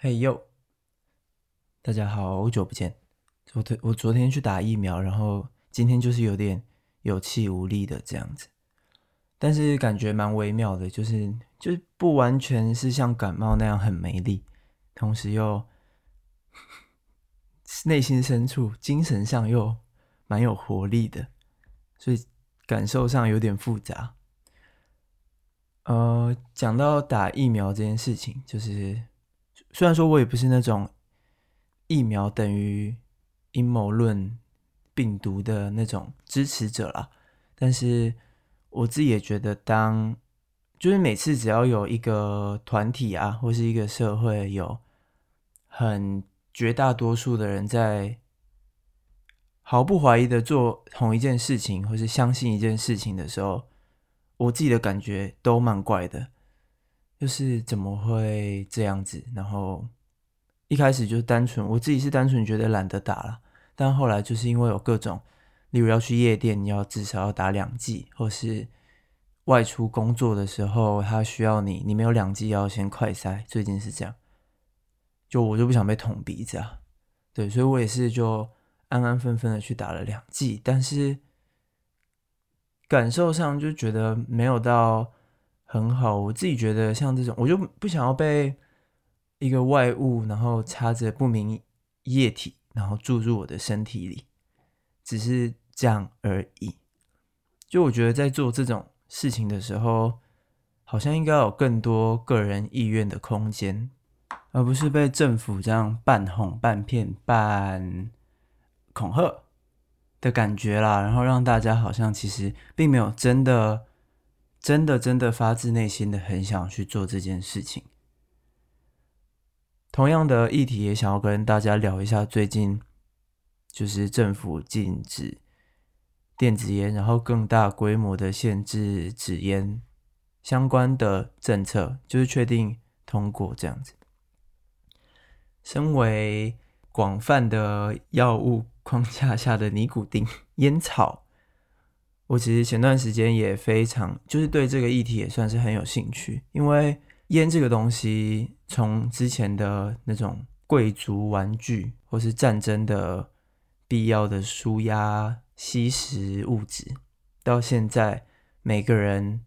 嘿、hey, 呦，大家好，好久不見。我昨我昨天去打疫苗，然後今天就是有點有氣無力的這樣子，但是感覺蠻微妙的，就是就是不完全是像感冒那樣很沒力，同時又內心深處精神上又蠻有活力的，所以感受上有點複雜。呃，講到打疫苗這件事情，就是。雖然說我也不是那種疫苗等於陰謀論病毒的那種支持者啦，但是我自己也覺得當，就是每次只要有一個團體啊，或是一個社會有很絕大多數的人在毫不懷疑的做同一件事情，或是相信一件事情的時候，我自己的感覺都蠻怪的。就是怎麼會這樣子？然後一開始就是單純我自己是單純覺得懶得打了，但後來就是因為有各種，例如要去夜店你要至少要打兩劑，或是外出工作的時候他需要你，你沒有兩劑要先快篩。最近是這樣，就我就不想被捅鼻子啊，對，所以我也是就安安分分的去打了兩劑，但是感受上就覺得沒有到。很好，我自己覺得像這種，我就不想要被一個外物，然後插着不明液體，然後注入我的身體裡，只是這樣而已。就我覺得在做這種事情的時候，好像應該有更多個人意願的空間，而不是被政府這樣半哄半騙、半恐嚇的感覺啦。然後讓大家好像其實並沒有真的。真的真的發自內心的很想去做這件事情。同樣的議題也想要跟大家聊一下，最近就是政府禁止電子菸，然後更大規模的限制紙菸相關的政策，就是確定通過這樣子。身為廣泛的藥物框架下的尼古丁菸草。我其實前段時間也非常，就是對這個議題也算是很有興趣，因為菸這個東西，從之前的那種貴族玩具，或是戰爭的必要的舒壓吸食物質，到現在每個人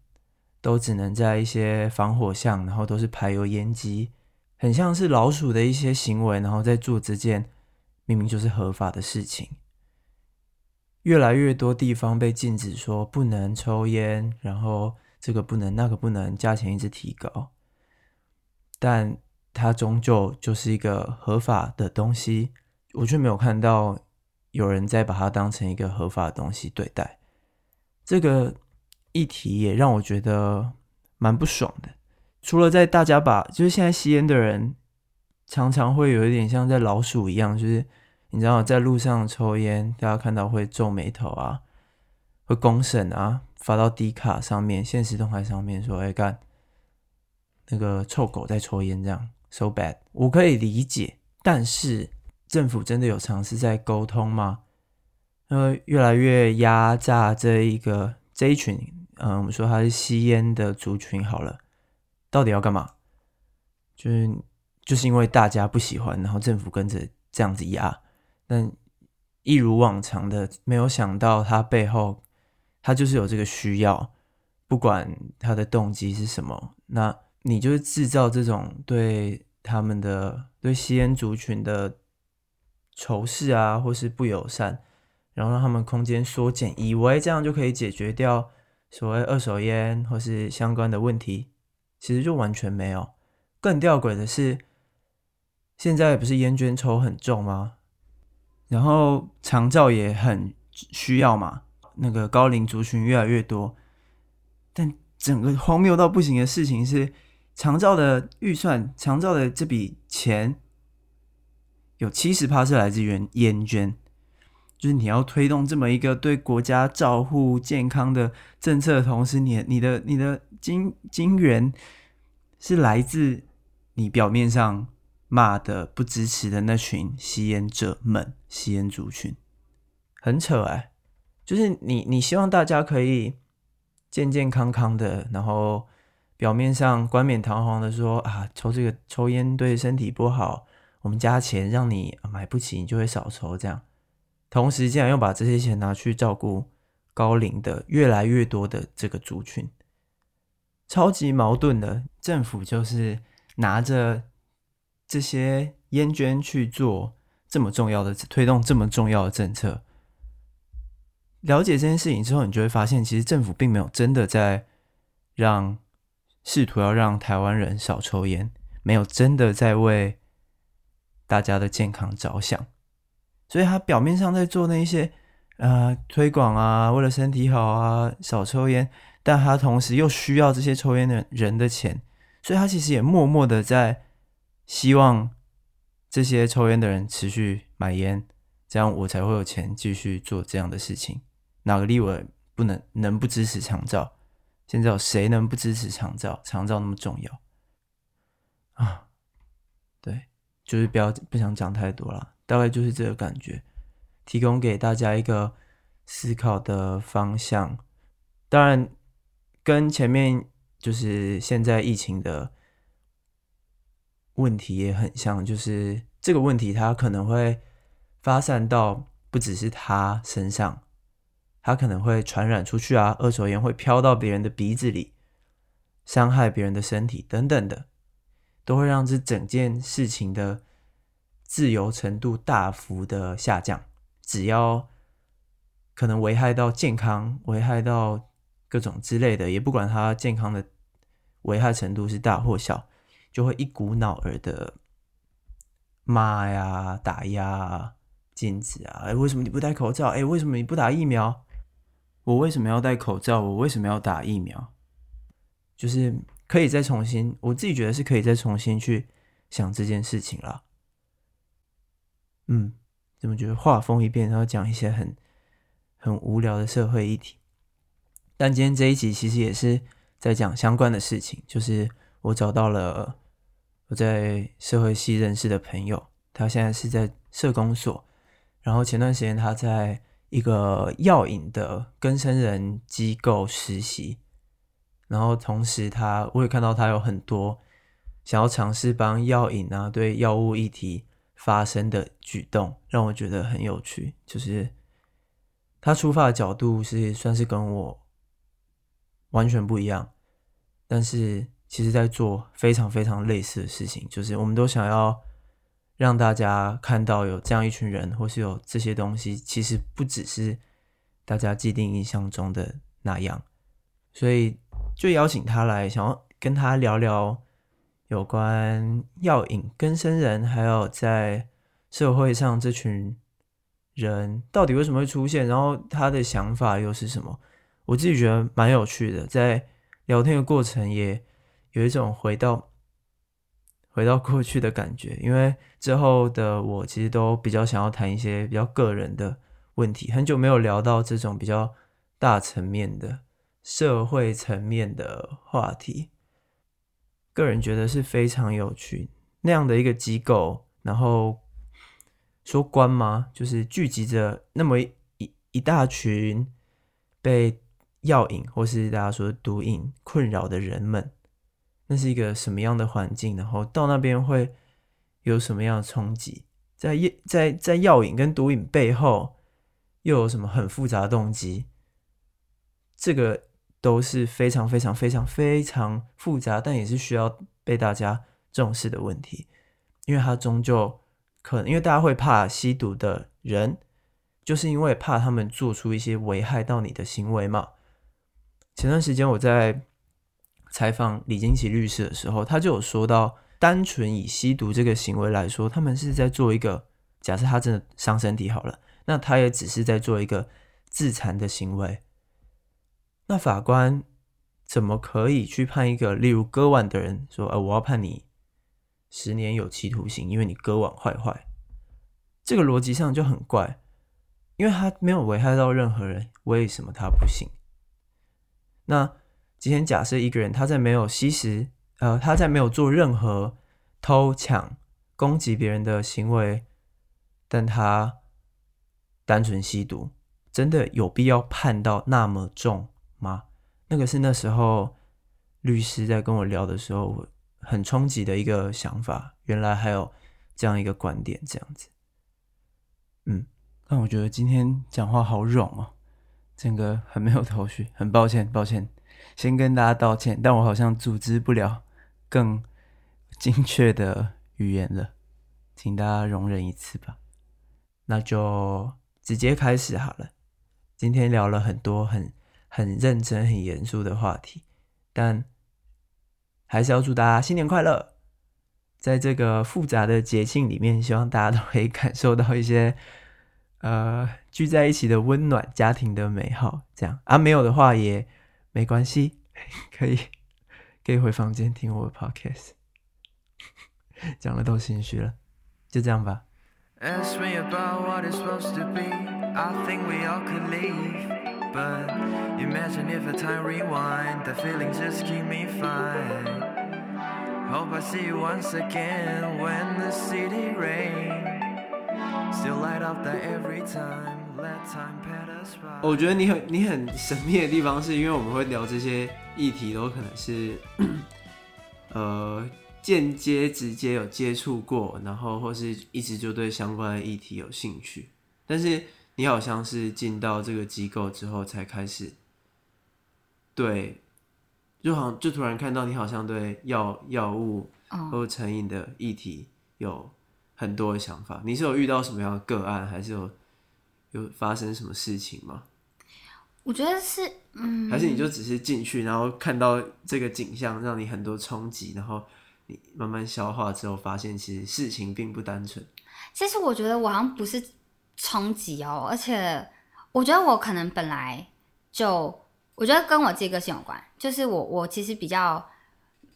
都只能在一些防火巷，然後都是排油煙機，很像是老鼠的一些行為，然後在做這件明明就是合法的事情。越來越多地方被禁止說不能抽煙，然後這個不能，那個不能，價錢一直提高，但它終究就是一個合法的東西，我卻沒有看到有人在把它當成一個合法的東西對待。這個議題也讓我覺得蠻不爽的。除了在大家把，就是現在吸煙的人常常會有一點像在老鼠一樣，就是。你知道，在路上抽菸，大家看到會皺眉頭啊，會公審啊，發到 D 卡上面、限時動態上面說：“哎，幹那個臭狗在抽菸，這樣 so bad。”我可以理解，但是政府真的有嘗試在溝通嗎？呃，越來越壓榨這一個這一群，嗯，我們說他是吸菸的族群，好了，到底要幹嘛？就是就是因為大家不喜歡，然後政府跟着這樣子壓。但一如往常的，沒有想到他背後，他就是有這個需要，不管他的動機是什麼，那你就是製造這種對他們的、對吸菸族群的仇視啊，或是不友善，然後讓他們空間縮減，以為這樣就可以解決掉所謂二手菸或是相關的問題，其實就完全沒有。更弔詭的是，現在不是菸捐抽很重嗎？然後長照也很需要嘛，那個高齡族群越來越多，但整個荒謬到不行的事情是，長照的預算、長照的這筆錢，有七十趴是來自菸、菸捐，就是你要推動這麼一個對國家照護健康的政策的同時，你的、你的、你的金金源是來自你表面上。罵得不支持的那群吸菸者們，吸菸族群，很扯哎、欸！就是你，你希望大家可以健健康康的，然後表面上冠冕堂皇的說啊，抽這個抽菸對身體不好，我們加錢讓你、啊、買不起，你就會少抽這樣。同時，竟然又把這些錢拿去照顧高齡的越來越多的這個族群，超級矛盾的政府就是拿着。這些菸捐去做這麼重要的推動，這麼重要的政策。了解這件事情之後，你就會發現，其實政府並沒有真的在讓試圖要讓台灣人少抽菸，沒有真的在為大家的健康着想。所以他表面上在做那些啊、呃，推廣啊，為了身體好啊，少抽菸，但他同時又需要這些抽菸的人的錢，所以他其實也默默的在。希望這些抽煙的人持續買煙，這樣我才會有錢繼續做這樣的事情。哪個立委不能能不支持長照？現在有誰能不支持長照？長照那麼重要啊！對，就是不要不想講太多了，大概就是這個感覺，提供給大家一個思考的方向。當然，跟前面就是現在疫情的。問題也很像，就是這個問題，它可能會發散到不只是他身上，他可能會傳染出去啊，二手煙會飄到別人的鼻子裡，傷害別人的身體等等的，都會讓這整件事情的自由程度大幅的下降。只要可能危害到健康，危害到各種之類的，也不管他健康的危害程度是大或小。就會一股腦兒的罵呀、打壓、禁止啊！哎，為什麼你不戴口罩？哎，為什麼你不打疫苗？我為什麼要戴口罩？我為什麼要打疫苗？就是可以再重新，我自己覺得是可以再重新去想這件事情了。嗯，怎麼覺得畫風一變，然後講一些很很無聊的社會議題？但今天這一集其實也是在講相關的事情，就是我找到了。我在社會系認識的朋友，他現在是在社工所，然後前段時間他在一個藥癮的更生人機構實習，然後同時他我也看到他有很多想要嘗試幫藥癮啊對藥物議題發聲的舉動，讓我覺得很有趣，就是他出發的角度是算是跟我完全不一樣，但是其實在做非常非常類似的事情，就是我們都想要讓大家看到有這樣一群人，或是有這些東西，其實不只是大家既定印象中的那樣，所以就邀請他來，想要跟他聊聊有關藥癮、更生人，還有在社會上這群人到底為什麼會出現，然後他的想法又是什麼？我自己覺得蠻有趣的，在聊天的過程也。有一種回到回到過去的感覺，因為之後的我其實都比較想要談一些比較個人的問題。很久沒有聊到這種比較大層面的社會層面的話題，個人覺得是非常有趣那樣的一個機構。然後說官嗎？就是聚集着那麼一一,一大群被藥癮或是大家說毒癮困擾的人們。那是一個什麼樣的環境？然後到那邊會有什麼樣的衝擊？在藥在在藥癮跟毒癮背後又有什麼很複雜的動機？這個都是非常非常非常非常複雜，但也是需要被大家重視的問題，因為他終究可能因為大家會怕吸毒的人，就是因為怕他們做出一些危害到你的行為嘛。前段時間我在。採訪李金奇律師的時候，他就有說到，單純以吸毒這個行為來說，他們是在做一個假設，他真的傷身體好了，那他也只是在做一個自殘的行為。那法官怎麼可以去判一個例如割腕的人說，哎、呃，我要判你十年有期徒刑，因為你割腕壞壞，這個邏輯上就很怪，因為他沒有危害到任何人，為什麼他不行？那，今天假設一個人他在沒有吸食，呃，他在沒有做任何偷搶攻擊別人的行為，但他單純吸毒，真的有必要判到那麼重嗎？那個是那時候律師在跟我聊的時候，我很衝擊的一個想法。原來還有這樣一個觀點，這樣子。嗯，但我覺得今天講話好冗哦，整個很沒有頭緒，很抱歉，抱歉。先跟大家道歉，但我好像組織不了更精確的語言了，請大家容忍一次吧。那就直接開始好了。今天聊了很多很很認真、很嚴肅的話題，但還是要祝大家新年快樂。在這個複雜的節慶裡面，希望大家都可以感受到一些呃聚在一起的溫暖、家庭的美好。這樣，而、啊、沒有的話也。沒關係，可以，可以回房間聽我的 podcast，講 了都心虛了，就這樣吧。我覺得你很你很神秘的地方，是因為我們會聊這些議題，都可能是 呃間接、直接有接觸過，然後或是一直就對相關的議題有興趣。但是你好像是進到這個機構之後才開始，對，就好像就突然看到你好像對藥藥物或是成癮的議題有很多的想法。嗯。你是有遇到什麼樣的個案，還是有？有發生什麼事情嗎？我覺得是，嗯，還是你就只是進去，然後看到這個景象，讓你很多衝擊，然後你慢慢消化之後，發現其實事情並不單純。其實我覺得我好像不是衝擊哦，而且我覺得我可能本來就，我覺得跟我自己個性有關，就是我我其實比較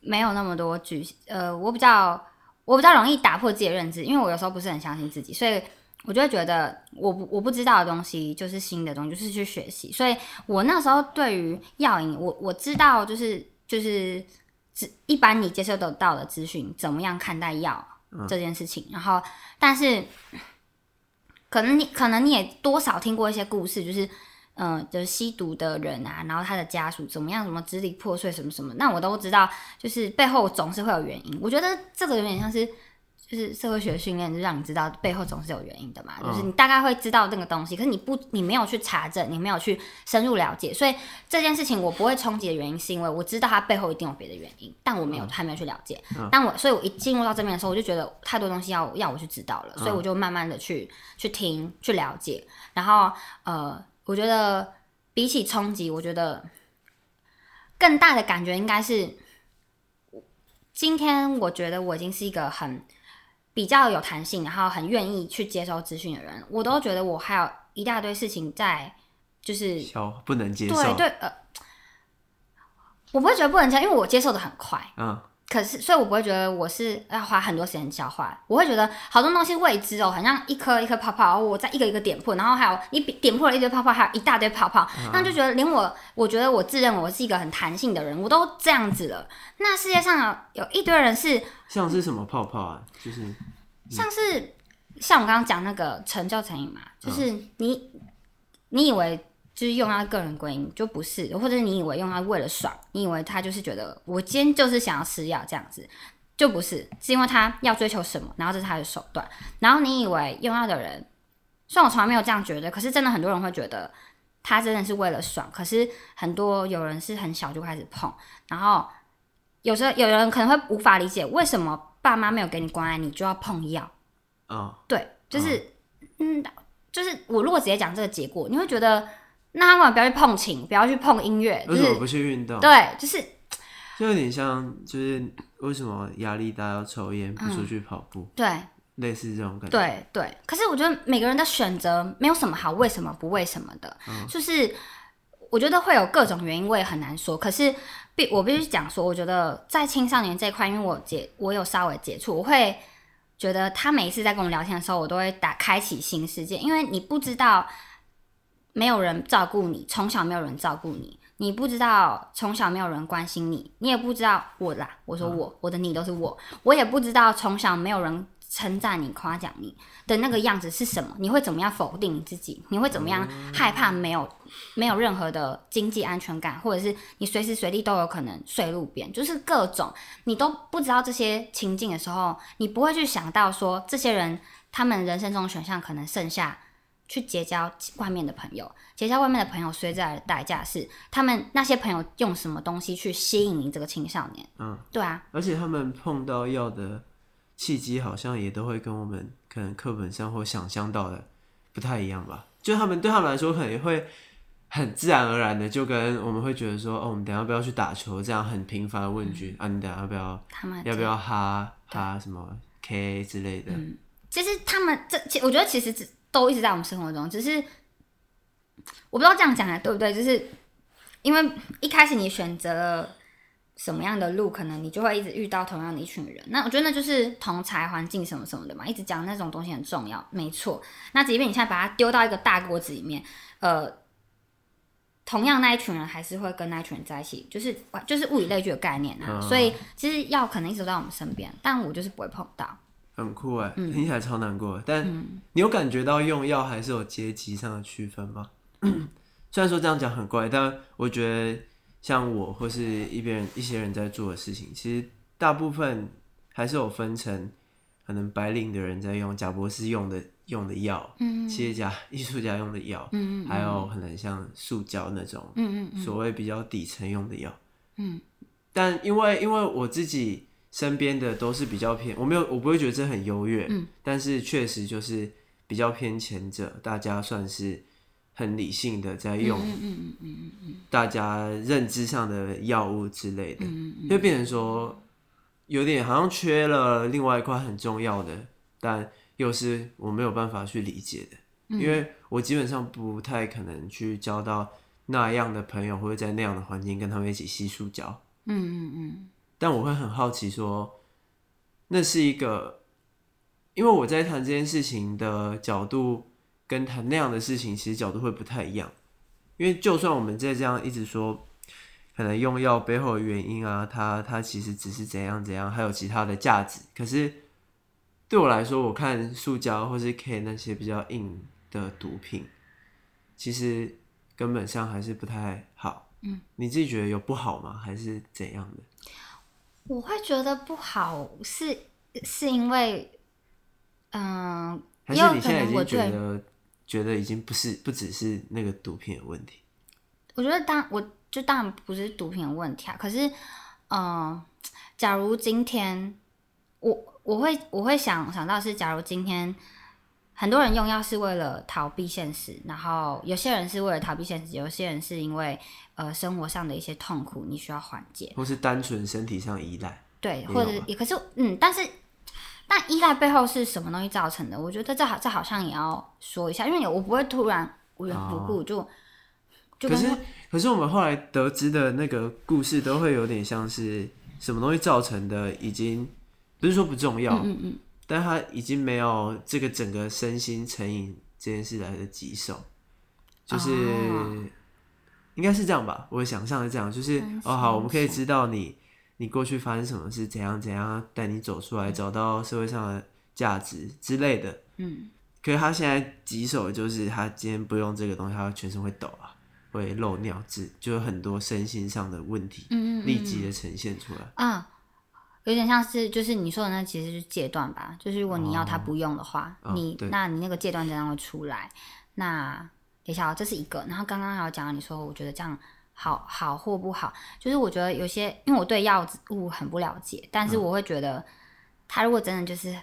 沒有那麼多舉，呃，我比較我比較容易打破自己的認知，因為我有時候不是很相信自己，所以。我就會覺得我，我不我不知道的東西就是新的東西，就是去學習。所以我那時候對於藥癮，我我知道就是就是一般你接受得到的資訊，怎麼樣看待藥、嗯、這件事情。然後，但是可能你可能你也多少聽過一些故事，就是嗯、呃，就是吸毒的人啊，然後他的家屬怎麼樣，什麼支離破碎，什麼什麼。那我都知道，就是背後總是會有原因。我覺得這個有點像是。就是社會學訓練，就讓你知道背後總是有原因的嘛。就是你大概會知道這個東西，Oh. 可是你不，你沒有去查證，你沒有去深入了解，所以這件事情我不會衝擊的原因，是因為我知道它背後一定有別的原因，但我沒有，還沒有去了解。Oh. 但我，所以我一進入到這邊的時候，我就覺得太多東西要要我去知道了，所以我就慢慢的去去聽，去了解。然後呃，我覺得比起衝擊，我覺得更大的感覺應該是，今天我覺得我已經是一個很。比較有彈性，然後很願意去接收資訊的人，我都覺得我還有一大堆事情在，就是不能接受。對對，呃，我不會覺得不能接受，因為我接受得很快。嗯可是，所以我不會覺得我是要花很多時間消化。我會覺得好多東西未知哦、喔，很像一顆一顆泡泡，我再一個一個點破，然後還有你點破了一堆泡泡，還有一大堆泡泡，那就覺得連我，我覺得我自認為我是一個很彈性的人，我都這樣子了。那世界上有一堆人是像是什麼泡泡啊？就是、嗯、像是像我剛剛講那個成就成癮嘛，就是你、嗯、你以為。就是用他個人歸因就不是，或者你以為用他為了爽，你以為他就是覺得我今天就是想要吃藥這樣子，就不是，是因為他要追求什麼，然後這是他的手段。然後你以為用藥的人，雖然我從來沒有這樣覺得，可是真的很多人會覺得他真的是為了爽。可是很多有人是很小就開始碰，然後有時候有人可能會無法理解為什麼爸媽沒有給你關愛，你就要碰藥啊？Oh. 對，就是、oh. 嗯，就是我如果直接講這個結果，你會覺得。那他們不要去碰琴，不要去碰音樂，為什麼不去運動？就是，對，就是，就有點像，就是為什麼壓力大要抽煙，不出去跑步？嗯，對，類似這種感覺。對對。可是我覺得每個人的選擇沒有什麼好，為什麼不為什麼的？嗯，就是我覺得會有各種原因，我也很難說。可是必我必須講說，我覺得在青少年這一塊，因為我接我有稍微接觸，我會覺得他每一次在跟我聊天的時候，我都會打開啟新世界，因為你不知道。沒有人照顧你，從小沒有人照顧你，你不知道從小沒有人關心你，你也不知道我啦。我說我，我的你都是我，我也不知道從小沒有人稱讚你、誇獎你的那個樣子是什麼。你會怎麼樣否定你自己？你會怎麼樣害怕沒有沒有任何的經濟安全感，或者是你隨時隨地都有可能睡路邊，就是各種你都不知道這些情境的時候，你不會去想到說這些人他們人生中的選項可能剩下。去結交外面的朋友，結交外面的朋友，所以帶來的代價是，他們那些朋友用什麼東西去吸引你這個青少年？嗯，對啊。而且他們碰到要的契機，好像也都會跟我們可能課本上或想象到的不太一樣吧？就他們對他們來說，可能也會很自然而然的，就跟我們會覺得說，哦，我們等下要不要去打球，這樣很頻繁的問句、嗯、啊，你等下要不要他們要不要哈哈什麼 K 之類的、嗯。其實他們這，我覺得其實這。都一直在我們生活中，只是我不知道這樣講啊對不對？就是因為一開始你選擇了什麼樣的路，可能你就會一直遇到同樣的一群人。那我覺得那就是同儕環境什麼什麼的嘛，一直講那種東西很重要，沒錯。那即便你現在把它丟到一個大鍋子裡面，呃，同樣那一群人還是會跟那一群人在一起，就是就是物以類聚的概念啊、嗯。所以其實藥可能一直在我們身邊，但我就是不會碰到。很酷哎，聽起來超難過的。但你有感覺到用藥還是有階級上的區分嗎？ 雖然說這樣講很怪，但我覺得像我或是一邊一些人在做的事情，其實大部分還是有分成，可能白領的人在用賈伯斯用的用的藥，企業家、藝術家用的藥，還有可能像塑膠那種，所謂比較底層用的藥，嗯，但因為因為我自己。身邊的都是比較偏，我沒有，我不會覺得這很優越，嗯，但是確實就是比較偏前者，大家算是很理性的在用，大家認知上的藥物之類的，嗯嗯嗯，就變成說有點好像缺了另外一塊很重要的，但又是我沒有辦法去理解的，嗯，因為我基本上不太可能去交到那樣的朋友，或者在那樣的環境跟他們一起吸食交……嗯嗯嗯。嗯但我會很好奇說，說那是一個，因為我在談這件事情的角度，跟談那樣的事情其實角度會不太一樣。因為就算我們在這樣一直說，可能用藥背後的原因啊，它它其實只是怎樣怎樣，還有其他的價值。可是對我來說，我看塑膠或是 K 那些比較硬的毒品，其實根本上還是不太好。嗯，你自己覺得有不好嗎？還是怎樣的？我會覺得不好，是是因為，嗯、呃，還是你現在已經覺得、呃、我覺得覺得已經不是不只是那個毒品的問題。我覺得當我就當然不是毒品的問題啊，可是，嗯、呃，假如今天我我會我會想想到是假如今天。很多人用藥是為了逃避現實，然後有些人是為了逃避現實，有些人是因為呃生活上的一些痛苦，你需要緩解，或是單純身體上依賴，對，或者也可是嗯，但是但依賴背後是什麼東西造成的？我覺得這好這好像也要說一下，因為我不會突然無緣無故就就可是可是我們後來得知的那個故事，都會有點像是什麼東西造成的，已經不是說不重要，嗯嗯嗯。但他已經沒有這個整個身心成癮這件事來的棘手，就是、uh, 應該是這樣吧？我想象是這樣，就是、okay. 哦好，我們可以知道你你過去發生什麼事，怎樣怎樣帶你走出來，mm -hmm. 找到社會上的價值之類的。嗯、mm -hmm.，可是他現在棘手的就是他今天不用這個東西，他全身會抖啊，會漏尿，就就很多身心上的問題，mm -hmm. 立即的呈現出來。Uh. 有點像是，就是你說的那，其實是戒斷吧。就是如果你要他不用的話，哦、你、哦、那你那個戒斷症狀會出來。那等一下哦，這是一個。然後剛剛還有講到，你說我覺得這樣好好或不好，就是我覺得有些，因為我對藥物很不了解，但是我會覺得，他如果真的就是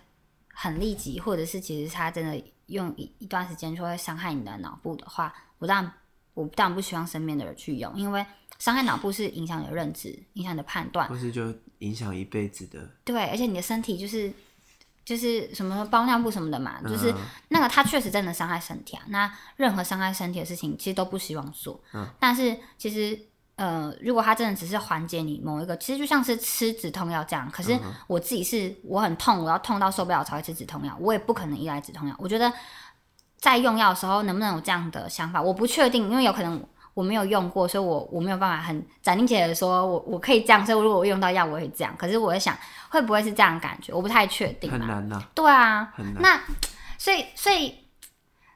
很利己，或者是其實他真的用一一段時間就會傷害你的腦部的話，我當然我當然不希望身邊的人去用，因為。傷害腦部是影響你的認知，影響你的判斷，不是就影響一輩子的。對，而且你的身體就是就是什麼包尿布什麼的嘛，嗯嗯，就是那個它確實真的傷害身體啊。那任何傷害身體的事情，其實都不希望做。嗯。但是其實呃，如果它真的只是緩解你某一個，其實就像是吃止痛藥這樣。可是我自己是我很痛，我要痛到受不了才會吃止痛藥，我也不可能依賴止痛藥。我覺得在用藥的時候能不能有這樣的想法，我不確定，因為有可能。我沒有用過，所以我我沒有辦法很斬釘截鐵說，我我可以這樣。所以我如果我用到藥，我會這樣。可是我在想，會不會是這樣的感覺？我不太確定、啊。很難吶、啊。對啊。很難。那所以所以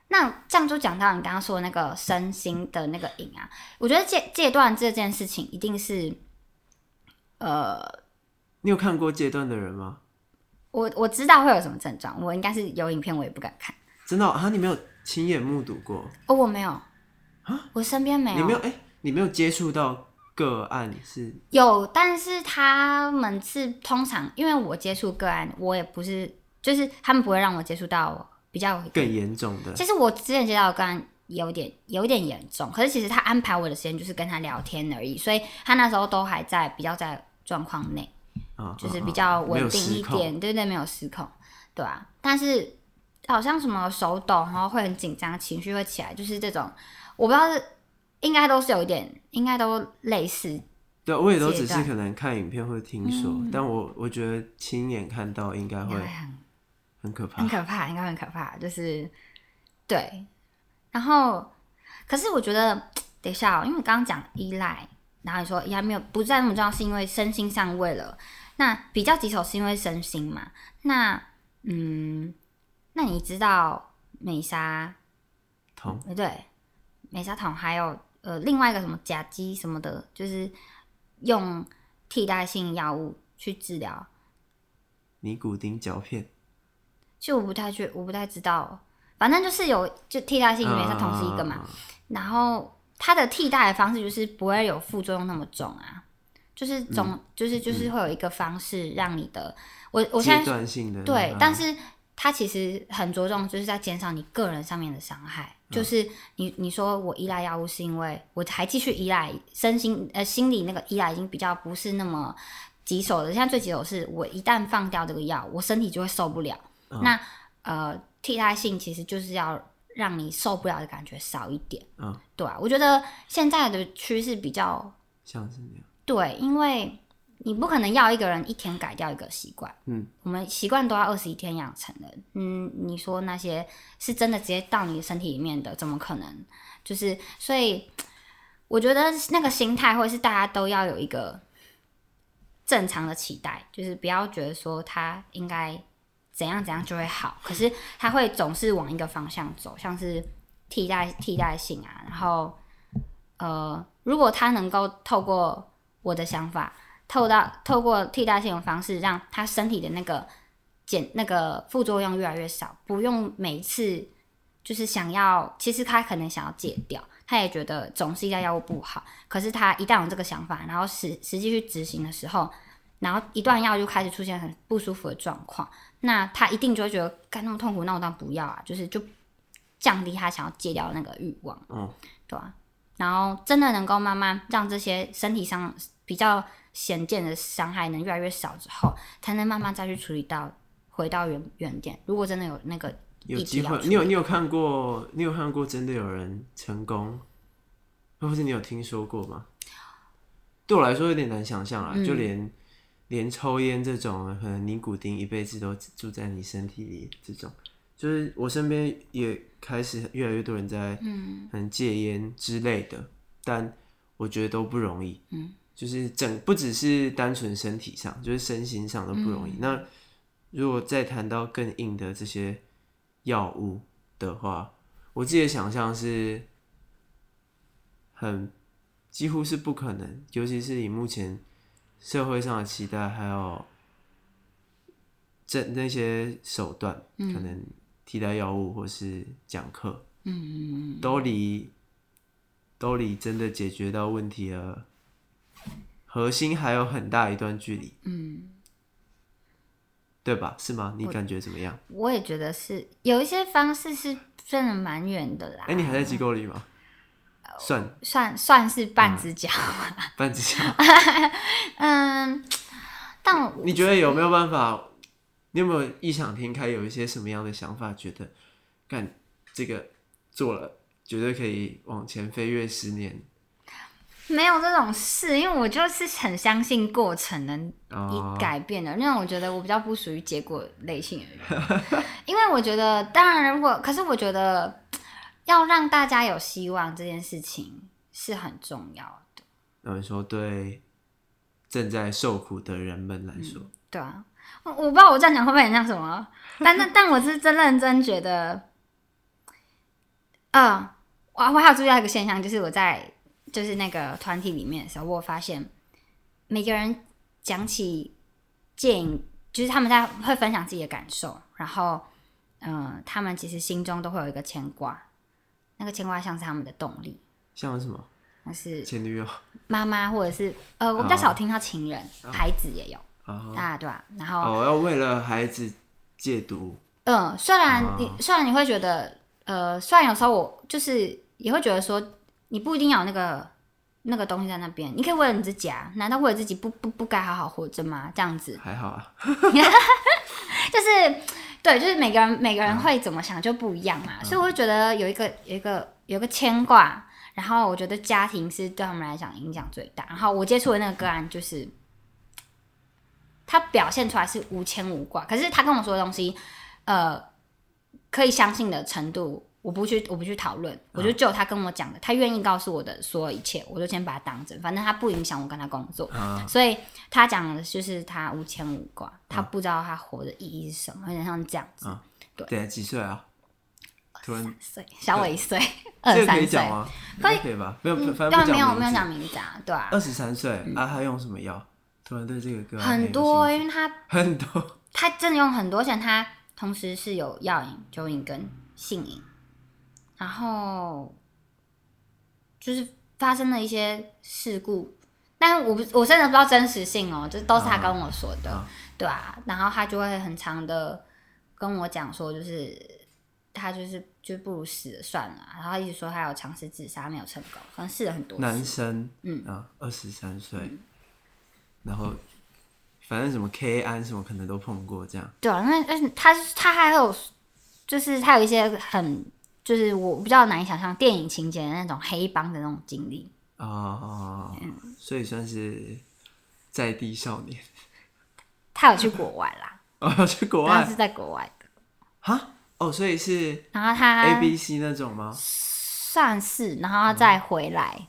那這樣就講到你剛剛說的那個身心的那個癮啊，我覺得戒戒斷這件事情一定是呃、你有看過戒斷的人嗎？我我知道會有什麼症狀，我應該是有影片，我也不敢看。真的、哦、啊？你沒有親眼目睹過？哦，我沒有。我身邊沒有，你沒有哎、欸，你沒有接觸到個案是？有，但是他們是通常，因為我接觸個案，我也不是，就是他們不會讓我接觸到我比較更嚴重的。其實我之前接到個案有點有點嚴重，可是其實他安排我的時間就是跟他聊天而已，所以他那時候都還在比較在狀況內，啊、嗯，就是比較穩定一點，嗯嗯嗯嗯、對不對？沒有失控，對吧、啊？但是好像什麼手抖，然後會很緊張，情緒會起來，就是這種。我不知道是應該都是有一點，應該都類似。對，我也都只是可能看影片、會聽說，嗯、但我我覺得親眼看到應該會很可怕很，很可怕，應該很可怕。就是對，然後可是我覺得，等一下、喔，因為我剛剛講依賴，然後你說依賴沒有不再那麼重要，是因為身心上位了。那比較棘手是因為身心嘛？那嗯，那你知道美沙冬，哎，對。美沙酮還有呃另外一個什麼甲基什麼的，就是用替代性藥物去治療。尼古丁嚼片，就我不太去，我不太知道。反正就是有就替代性美沙酮是一個嘛、啊，然後它的替代的方式就是不會有副作用那麼重啊，就是總，嗯、就是就是會有一個方式讓你的、嗯、我我現在對、嗯，但是它其實很着重就是在減少你個人上面的傷害。就是你，你說我依賴藥物是因為我還繼續依賴身心呃、心理那個依賴已經比較不是那麼棘手了，現在最棘手的是我一旦放掉這個藥，我身體就會受不了。哦、那呃替代性其實就是要讓你受不了的感覺少一點。嗯、哦、對、啊，我覺得現在的趨勢比較像是那樣。對，因為。你不可能要一個人一天改掉一個習慣，嗯，我們習慣都要二十一天養成的，嗯，你說那些是真的直接到你的身體裡面的，怎麼可能？就是所以，我覺得那個心態，或是大家都要有一個正常的期待，就是不要覺得說他應該怎樣怎樣就會好，可是他會總是往一個方向走，像是替代替代性啊，然後呃，如果他能夠透過我的想法。透到透過替代性的方式，讓他身體的那個減那個副作用越來越少，不用每次就是想要，其實他可能想要戒掉，他也覺得總是一下藥物不好，可是他一旦有這個想法，然後實實際去執行的時候，然後一段藥就開始出現很不舒服的狀況，那他一定就會覺得，幹那麼痛苦，那我當然不要啊，就是就降低他想要戒掉那個慾望，嗯，對啊，然後真的能夠慢慢讓這些身體上，比較顯見的傷害能越來越少之後，才能慢慢再去處理到回到原原點。如果真的有那個有機會，你有你有看過，你有看過真的有人成功，或者你有聽說過嗎？對我來說有點難想象啊、嗯，就連連抽煙這種，可能尼古丁一輩子都住在你身體裡，這種就是我身邊也開始越來越多人在嗯戒煙之類的、嗯，但我覺得都不容易，嗯。就是整不只是單純身體上，就是身心上都不容易。嗯、那如果再談到更硬的這些藥物的話，我自己的想象是很幾乎是不可能，尤其是以目前社會上的期待，還有這那些手段可能替代藥物或是講課、嗯，都離都離真的解決到問題了。核心還有很大一段距離，嗯，對吧？是嗎？你感覺怎麼樣？我,我也覺得是，有一些方式是真的蠻遠的啦。哎、欸，你還在機構裡嗎？嗯、算算算是半只腳、嗯嗯，半只腳。 嗯，但我，你覺得有沒有辦法？你有沒有異想天開，有一些什麼樣的想法？覺得幹這個做了，絕對可以往前飛躍十年。沒有這種事，因為我就是很相信過程能以改變的，oh. 因為我覺得我比較不屬於結果類型的人， 因為我覺得當然如果可是我覺得要讓大家有希望這件事情是很重要的。有人說對正在受苦的人們來說，嗯、對啊，我不知道我這樣講會不會很像什麼， 但但但我是真認真覺得，啊、呃，我我還有注意到一個現象，就是我在。就是那個團體裡面的時候，我發現每個人講起戒癮，就是他們在會分享自己的感受，然後，嗯、呃，他們其實心中都會有一個牽掛，那個牽掛像是他們的動力，像是什麼？那是前女友、媽媽，或者是，媽媽或者是呃，我比較少聽到情人、哦、孩子也有，哦、啊，對吧、啊？然後哦，要為了孩子戒毒，嗯，雖然、哦、你雖然你會覺得，呃，雖然有時候我就是也會覺得說。你不一定要有那個那個東西在那邊，你可以為了你自己啊，難道為了自己不不不該好好活着嗎？這樣子還好啊， 就是對，就是每個人每個人會怎麼想就不一樣嘛，啊、所以我就覺得有一個有一個有一個牽掛，然後我覺得家庭是對他們來講影響最大。然後我接觸的那個個案就是，他表現出來是無牽無掛，可是他跟我說的東西，呃，可以相信的程度。我不去，我不去討論。我就就他跟我講的，啊、他願意告訴我的所有一切，我就先把他當真。反正他不影響我跟他工作，啊、所以他講的就是他無牽無掛，他不知道他活的意義是什麼，有、啊、點像這樣子。啊、對，對，幾歲啊？三歲，小我一歲。二十三歲，這個，可以吧？嗯、沒有，沒有沒有講名字啊。對啊，二十三歲啊，他用什麼藥？突然對這個很多，AMC，因為他很多，他真的用很多錢。而且他同時是有藥癮，酒 癮跟性癮。然後就是發生了一些事故，但我我真的不知道真實性哦、喔，這都是他跟我說的，哦，對啊，然後他就會很常的跟我講說，就是他就是就不如死了算了，然後一直說他有嘗試自殺沒有成功，好像試了很多次。男生，嗯啊，二十三歲，然後、嗯、反正什麼 K 安什麼可能都碰過，這樣對啊，那而且他他還有就是他有一些很。就是我比較難以想象電影情節的那種黑幫的那種經歷啊、哦，所以算是在地少年。 他有去國外啦， 哦，去國外是在國外哈哦，所以是然後他 A B C 那種嗎？算是，然後他再回來、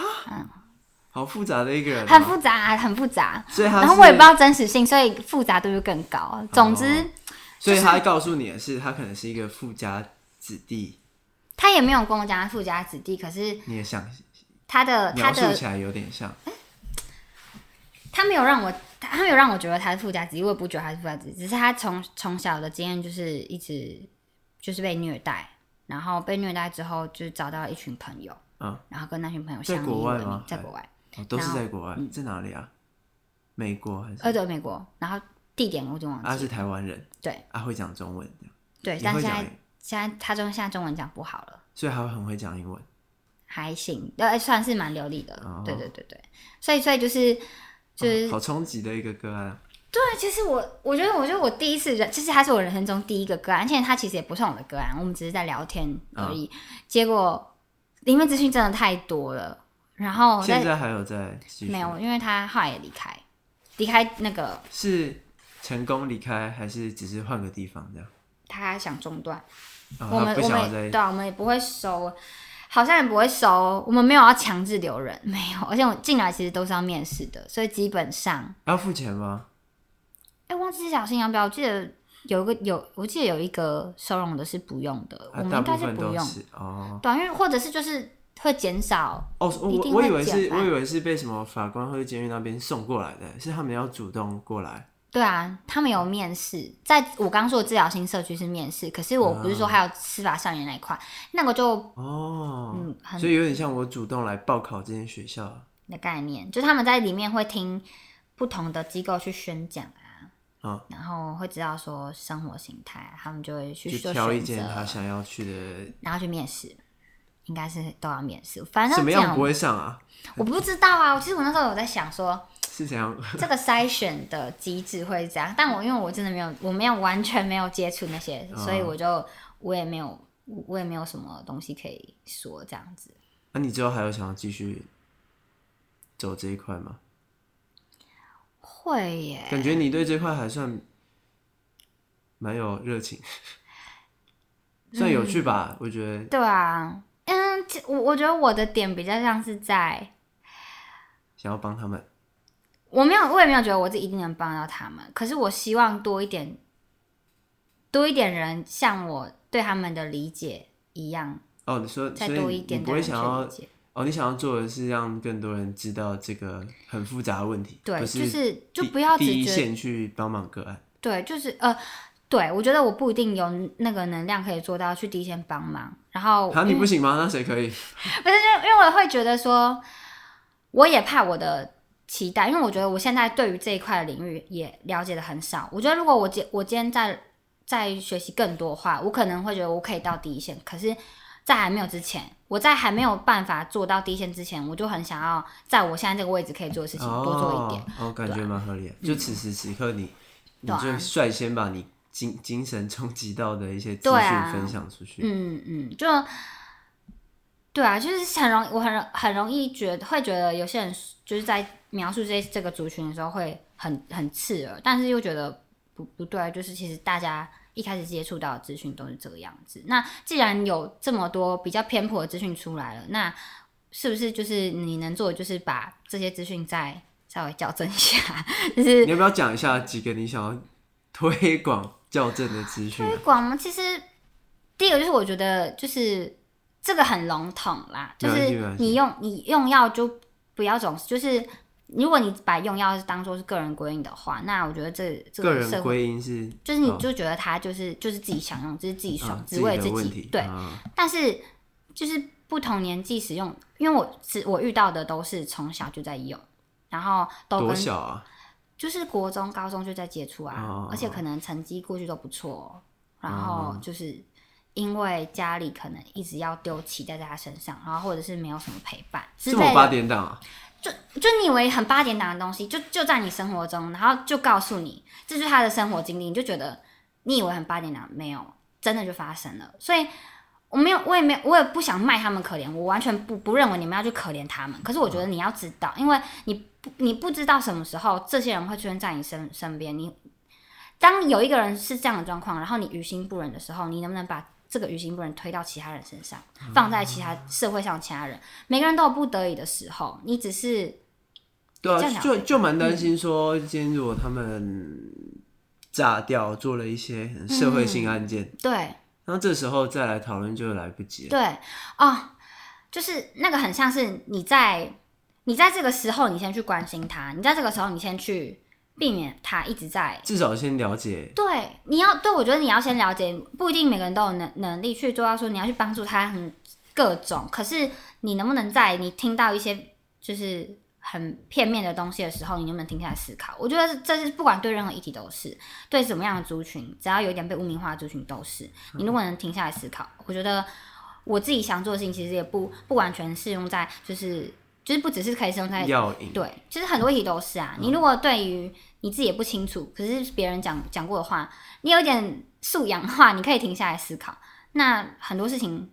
嗯嗯。好複雜的一個人，很複雜，很複雜。所以他是，然後我也不知道真實性，所以複雜度就更高。總之，哦、所以他告訴你的是，就是，他可能是一個附加的子弟，他也沒有跟我講他富家子弟，可是你也想他的描述起來有點像，他、欸、他沒有讓我他沒有讓我覺得他是富家子弟，我也不覺得他是富家子弟，只是他從從小的經驗就是一直就是被虐待，然後被虐待之後就找到一群朋友，嗯、哦，然後跟那群朋友相依為命，在國外嗎？在國外、哎哦、都是在國外、嗯，在哪裡啊？美國還是？呃、啊、對，美國，然後地點我已經忘記。他是台灣人，對，他、啊、會講中文，對，但現在。現在他中現在中文講不好了，所以還會很會講英文，還行，呃，算是蠻流利的。對、哦、對對對，所以所以就是就是、哦、好衝擊的一個個案。對，其實我我覺得我覺得我第一次，其實他是我人生中第一個個案。現在他其實也不算我的個案，我們只是在聊天而已。哦、結果裡面資訊真的太多了，然後在現在還有在沒有，因為他後來也離開離開那個是成功離開還是只是換個地方這樣？他想中斷。哦、我們我們對、啊、我們也不會收，好像也不會收。我們沒有要強制留人，沒有。而且我進來其實都是要面試的，所以基本上要付錢嗎？哎、欸，忘記小心要不要？我記得有一個有，我記得有一個收容的是不用的，我們應該是不用短運、哦啊、或者是就是會減少哦。我我以為是，我以為是被什麼法官或者監獄那邊送過來的，是他們要主動過來。對啊，他們有面試，在我剛說的治療性社區是面試，可是我不是說還有司法少年那一塊，哦、那個就哦，嗯，所以有點像我主動來報考這間學校的概念，就是、他們在裡面會聽不同的機構去宣講啊，哦、然後會知道說生活形態，他們就會去挑一間他想要去的，然後去面試，應該是都要面試，反正怎麼樣不會上啊？我不知道啊，其實我那時候有在想說。是這樣， 這個篩選的機制會這樣，但我因為我真的沒有，我沒有完全沒有接觸那些、哦，所以我就我也沒有我，我也沒有什麼東西可以說這樣子。那、啊、你之後還有想要繼續走這一塊嗎？會耶，感覺你對這塊還算蠻有熱情， 算有趣吧，嗯，我覺得。對啊，嗯，我我覺得我的點比較像是在想要幫他們。我沒有，我也沒有覺得我自己一定能幫到他們。可是我希望多一點，多一點人像我對他們的理解一樣。哦，你說再多一點，你不想要哦？你想要做的是讓更多人知道這個很複雜的問題，對，是、是就是就不要第一線去幫忙個案。對，就是呃，對我覺得我不一定有那個能量可以做到去第一線幫忙。然後，然、啊、你不行嗎？嗯、那誰可以？不是，因為我會覺得說，我也怕我的。期待，因為我覺得我現在對於這一塊的領域也了解得很少。我覺得如果我今我今天在在學習更多的話，我可能會覺得我可以到第一線。可是，在還沒有之前，我在還沒有辦法做到第一線之前，我就很想要在我現在這個位置可以做的事情多做一點。我、哦哦、感覺蠻合理的，的、啊。就此時此刻你、嗯、你就率先把你精精神衝擊到的一些資訊分享出去。啊、嗯嗯，就。對啊，就是很容易，我很很容易覺得會覺得有些人就是在描述這這個族群的時候會很很刺耳，但是又覺得不不對，就是其實大家一開始接觸到的資訊都是這個樣子。那既然有這麼多比較偏頗的資訊出來了，那是不是就是你能做的就是把這些資訊再稍微校正一下？就是你要不要講一下幾個你想要推廣校正的資訊？推廣嗎？其實第一個就是我覺得就是。這個很籠統啦，就是你用你用藥就不要總就是，如果你把用藥當做是個人歸因的話，那我覺得這、這個、社會個人歸因是就是你就覺得他就是、哦、就是自己想用，就是自己爽，只、哦、為自，自己對、哦。但是就是不同年紀使用，因為我我遇到的都是從小就在用，然後都跟多小啊，就是國中、高中就在接觸啊、哦，而且可能成績過去都不錯，然後就是。哦因為家裡可能一直要丟棄在在他身上，然後或者是沒有什麼陪伴，這麼八點檔啊？就就你以為很八點檔的東西，就就在你生活中，然後就告訴你，這是他的生活經歷，你就覺得你以為很八點檔，沒有真的就發生了。所以我沒有，我也沒有，我也不想賣他們可憐，我完全不不認為你們要去可憐他們。可是我覺得你要知道，哦、因為你不你不知道什麼時候這些人會出現在你身身邊，你當有一個人是這樣的狀況，然後你於心不忍的時候，你能不能把。這個於心不忍，推到其他人身上，放在其他社會上其他人，嗯，每個人都有不得已的時候。你只是，對、啊就就，就就蠻擔心說，嗯，今天如果他們炸掉，做了一些社會性案件，嗯、對，然後這時候再來討論，就來不及了。對啊、哦，就是那個很像是你在你在這個時候，你先去關心他，你在這個時候，你先去。避免他一直在，至少先了解。對，你要對我覺得你要先了解，不一定每個人都有能能力去做到說你要去幫助他很各種。可是你能不能在你聽到一些就是很片面的東西的時候，你能不能停下來思考？我覺得這是不管對任何議題都是，對什麼樣的族群，只要有一點被污名化的族群都是。你如果能停下來思考，我覺得我自己想做的事情其實也不不完全適用在就是。就是不只是可以用在藥癮，對，其、就、實、是、很多問題都是啊、哦。你如果對於你自己也不清楚，可是別人講講過的話，你有點素養的話，你可以停下來思考。那很多事情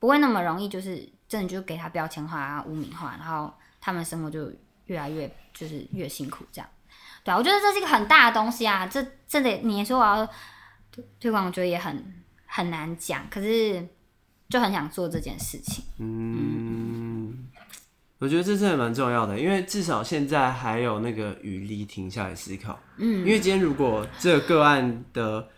不會那麼容易，就是真的就給他標籤化、啊、污名化，然後他們生活就越來越就是越辛苦這樣。對啊，我覺得這是一個很大的東西啊。這這得你也說我要推廣，我覺得也很很難講，可是就很想做這件事情。嗯。嗯我覺得這真的蠻重要的，因為至少現在還有那個餘力停下來思考，嗯。因為今天如果這個個案的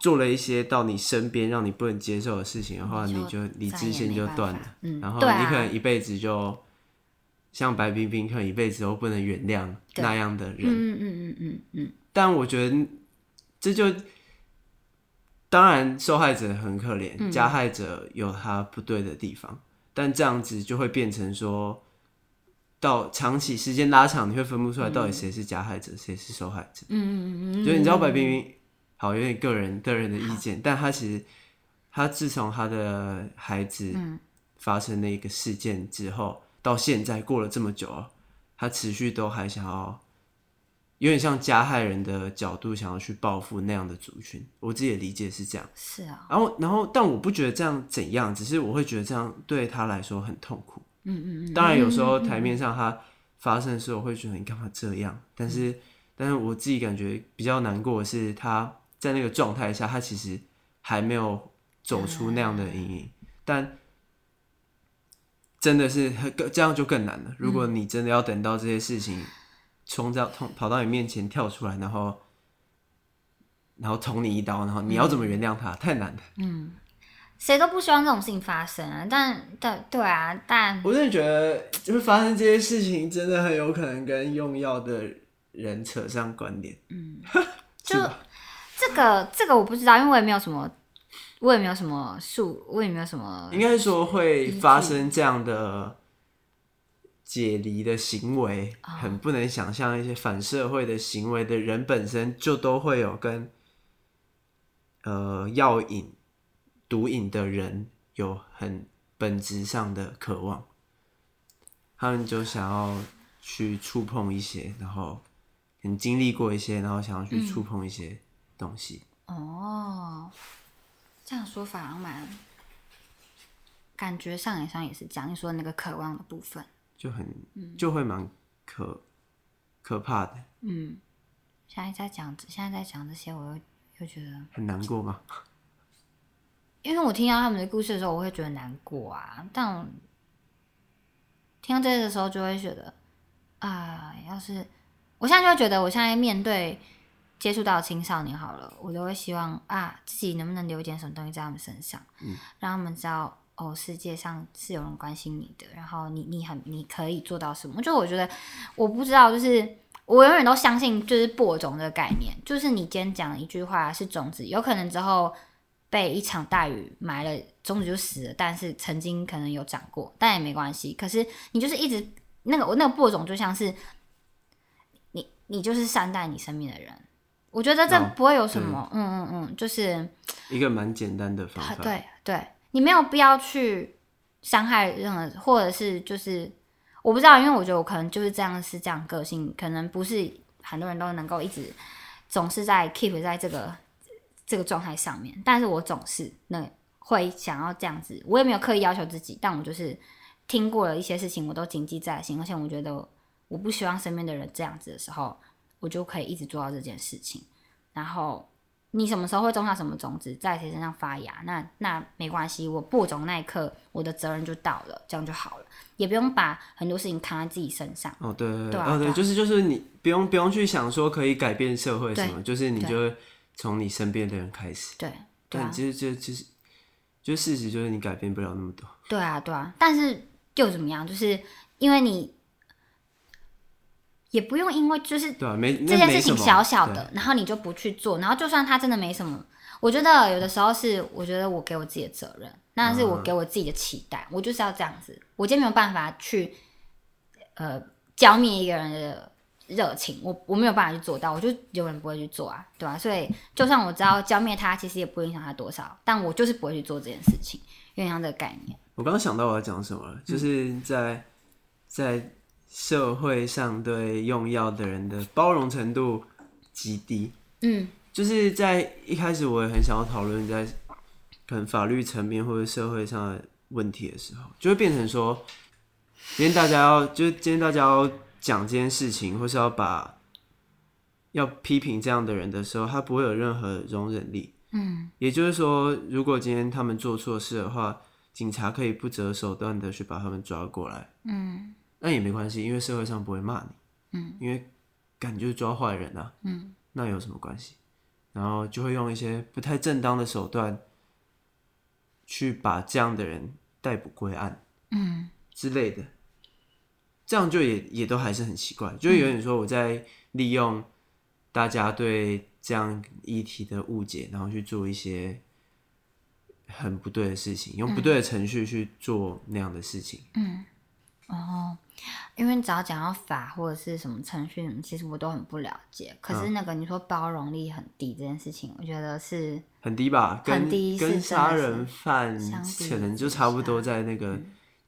做了一些到你身邊讓你不能接受的事情的話，就你就理智線就斷了，嗯。然後你可能一輩子就像白冰冰，可能一輩子都不能原諒那樣的人，嗯嗯嗯嗯嗯。但我覺得這就當然受害者很可憐，嗯，加害者有他不對的地方。但這樣子就會變成說，到長期時間拉長，你會分不出來到底誰是加害者，誰、嗯、是受害者。嗯，所以你知道白冰冰，好有點個人個人的意見，但他其實他自從他的孩子發生那個事件之後、嗯，到現在過了這麼久，他持續都還想要。有點像加害人的角度想要去報復那樣的族群，我自己也理解是這樣。是啊，然後然後，但我不覺得這樣怎樣，只是我會覺得這樣對他來說很痛苦。嗯嗯，當然，有時候台面上他發生的時候，我會覺得你幹嘛這樣，嗯、但是但是我自己感覺比較難過的是，他，在那個狀態下，他其實還沒有走出那樣的陰影，嗯、但真的是這樣就更難了。如果你真的要等到這些事情。嗯從這樣，從跑到你面前跳出來，然後，然後捅你一刀，然後你要怎麼原諒他，嗯？太難了。嗯，誰都不希望這種事情發生啊！但但對，對啊，但我真的覺得，就是發生這些事情，真的很有可能跟用藥的人扯上關聯。嗯， 就這個這個我不知道，因為我也沒有什麼，我也沒有什麼數，我也沒有什麼。應該是說會發生這樣的。解離的行為很不能想象，一些反社會的行為的人本身就都會有跟，呃，藥癮、毒癮的人有很本質上的渴望，他們就想要去觸碰一些，然後，很經歷過一些，然後想要去觸碰一些東西，嗯。哦，這樣說法還蠻，感覺上也像也是講，你說那個渴望的部分。就很就會蠻可、嗯、可怕的，嗯。現在在講，現在在講這些，我又又覺得很難過嗎？因為我聽到他們的故事的時候，我會覺得難過啊。但我聽到這些的時候，就會覺得啊、呃，要是我現在就會覺得，我現在面對接觸到青少年好了，我就會希望啊，自己能不能留一點什麼東西在他們身上，嗯、讓他們知道。哦，世界上是有人關心你的，然後你你很你可以做到什麼？就我覺得，我不知道，就是我永遠都相信就是播種的概念，就是你今天講一句話是種子，有可能之後被一場大雨埋了，種子就死了，但是曾經可能有長過，但也沒關係。可是你就是一直那個我那個播種就像是你你就是善待你生命的人，我覺得這不會有什麼，哦、嗯嗯嗯，就是一個蠻簡單的方法，對、啊、對。對你沒有必要去傷害任何，或者是就是我不知道，因為我覺得我可能就是這樣是這樣的個性，可能不是很多人都能夠一直總是在 keep 在這個這個狀態上面。但是我總是那會想要這樣子，我也沒有刻意要求自己，但我就是聽過了一些事情，我都謹記在心，而且我覺得我不希望身邊的人這樣子的時候，我就可以一直做到這件事情，然後。你什麼時候會種下什麼種子，在誰身上發芽？那那沒關係，我播種那一刻，我的責任就到了，這樣就好了，也不用把很多事情扛在自己身上。哦，對、對啊、哦、對、對啊，就是就是你不用不用去想說可以改變社會什麼，就是你就會從你身邊的人開始。對、對啊，其實就就是就、就事實就是你改變不了那麼多。對啊對啊，但是又怎麼樣？就是因為你。也不用因為就是對啊，沒這件事情小小的，然後你就不去做，然後就算他真的沒什麼，我覺得有的時候是，我覺得我給我自己的責任，那是我給我自己的期待，啊、我就是要這樣子，我今天沒有辦法去，呃，澆滅一個人的熱情，我我沒有辦法去做到，我就永遠不會去做啊，對吧、啊。所以就算我知道澆滅他，其實也不會影響他多少，但我就是不會去做這件事情，有點像這個概念。我剛剛想到我要講什麼，就是在、嗯、在。社會上對用藥的人的包容程度極低。嗯，就是在一開始我也很想要討論在可能法律層面或者社會上的問題的時候，就會變成說，今天大家要就是今天大家要講這件事情，或是要把要批評這樣的人的時候，他不會有任何容忍力。嗯，也就是說，如果今天他們做錯事的話，警察可以不擇手段地去把他們抓過來。嗯。那也沒關係，因為社會上不會罵你，嗯，因為，感覺抓壞人啊，嗯，那有什麼關係？然後就會用一些不太正當的手段，去把這樣的人逮捕歸案，嗯之類的、嗯，這樣就也也都還是很奇怪，就有點說我在利用大家對這樣議題的誤解，然後去做一些很不對的事情，用不對的程序去做那樣的事情，嗯。嗯因為只要講到法或者是什麼程序，其實我都很不了解，可是那個你說包容力很低這件事情，啊、我覺得是很低吧？跟很低，跟殺人犯可能就差不多，在那個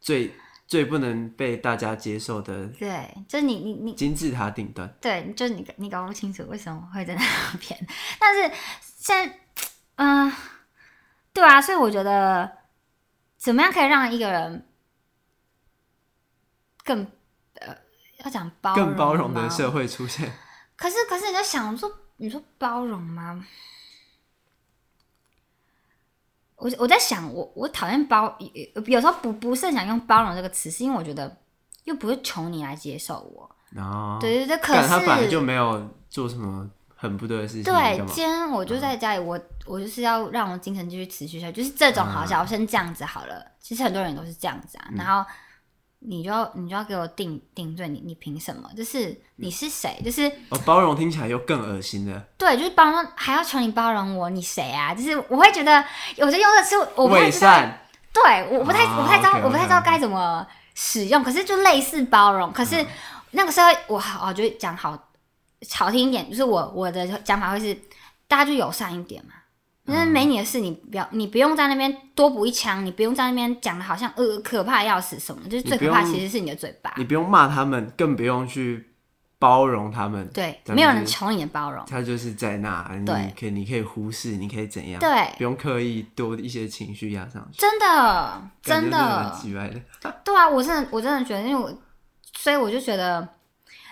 最低低最，最不能被大家接受的。對，就是你你你金字塔頂端。對，就是你你，你，就你，你搞不清楚為什麼會在那邊。但是現在，嗯、呃，對啊，所以我覺得怎麼樣可以讓一個人更？要講包容嗎？更包容的社會出現。可是，可是，你在想說，你說包容嗎？我我在想，我我討厭包，有時候不不甚想用包容這個詞，是因為我覺得又不是求你來接受我。啊、哦。對對對，可是他本來就沒有做什麼很不對的事情。對，對今天我就在家裡，哦、我我就是要讓我精神繼續持續下去，就是這種好、啊，我先這樣子好了。其實很多人都是這樣子啊，嗯、然後。你就要你就要給我定定罪你，你你憑什麼？就是你是誰？就是我，哦，包容聽起來又更噁心了。對，就是包容，還要求你包容我，你誰啊？就是我會覺得，有時候用的是，我不太知道。偽善。對，我不太，、啊、我不太，我不太知道，okay, okay. 我不太知道該怎麼使用。可是就類似包容，可是那個時候我好，我就講好，好聽一點，就是我我的講法會是，大家就友善一點嘛。那、嗯、沒你的事，你不要，你不用在那邊多補一槍，你不用在那邊講的，好像呃可怕要死什麼。就是最可怕，其實是你的嘴巴。你不用罵他們，更不用去包容他們。對，沒有人求你的包容。他就是在那，你可以你可以忽視，你可以怎樣？對，不用刻意多一些情緒壓上去。真的，的真的，奇怪的。 對啊，我真的，我真的覺得，因為我，所以我就覺得，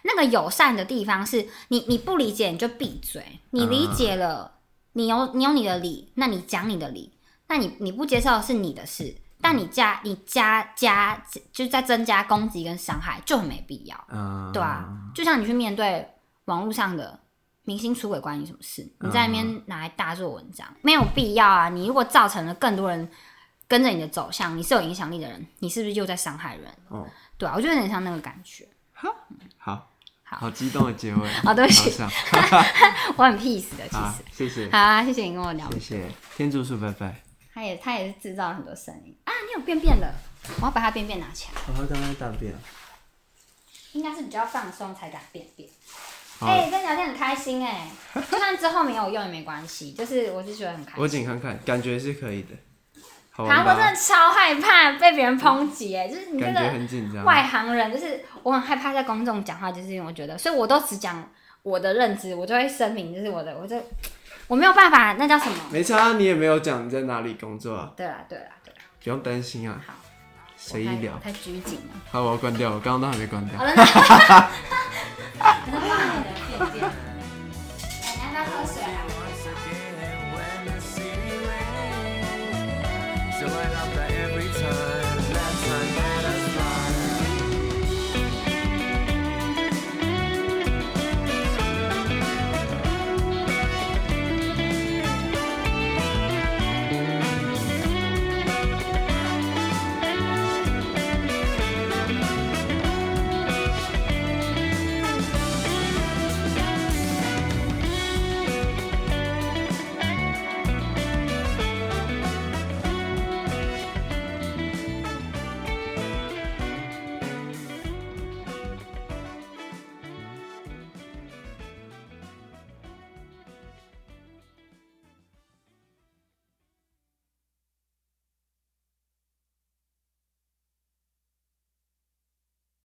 那個友善的地方是你，你不理解你就閉嘴，你理解了、啊。你有你有你的理，那你講你的理，那你你不接受的是你的事，但你加、嗯、你加加就在增加攻擊跟傷害就很沒必要，嗯，對啊，就像你去面對網絡上的明星出軌，關你什麼事？你在那邊拿來大做文章，嗯，沒有必要啊！你如果造成了更多人跟着你的走向，你是有影響力的人，你是不是又在傷害人？嗯、哦，對啊，我覺得有點像那個感覺。哦嗯、好。好，好激動的結尾！好， 哦，對好 我很 peace 的，其實謝謝，好、啊，謝謝你跟我聊，謝謝天竺鼠拜拜。他也他也是製造了很多聲音啊！你有便便了？我要把他便便拿起來。好、哦、好，剛剛大便。應該是比較放鬆才敢便便。哎，跟、欸、聊天很開心哎，就算之後沒有用也沒關係，就是我是覺得很開心。我先看看，感覺是可以的。他們真的超害怕被別人抨擊，哎，就是你真的外行人，就是我很害怕在公眾講話，就是因為我覺得，所以我都只講我的認知，我就會聲明就是我的，我就我沒有辦法，那叫什麼？沒差，你也沒有講你在哪裡工作啊？對啦，對啦，對啦，不用擔心啊，好，隨意聊。太，太拘謹了。好，我要關掉，我剛剛都還沒關掉。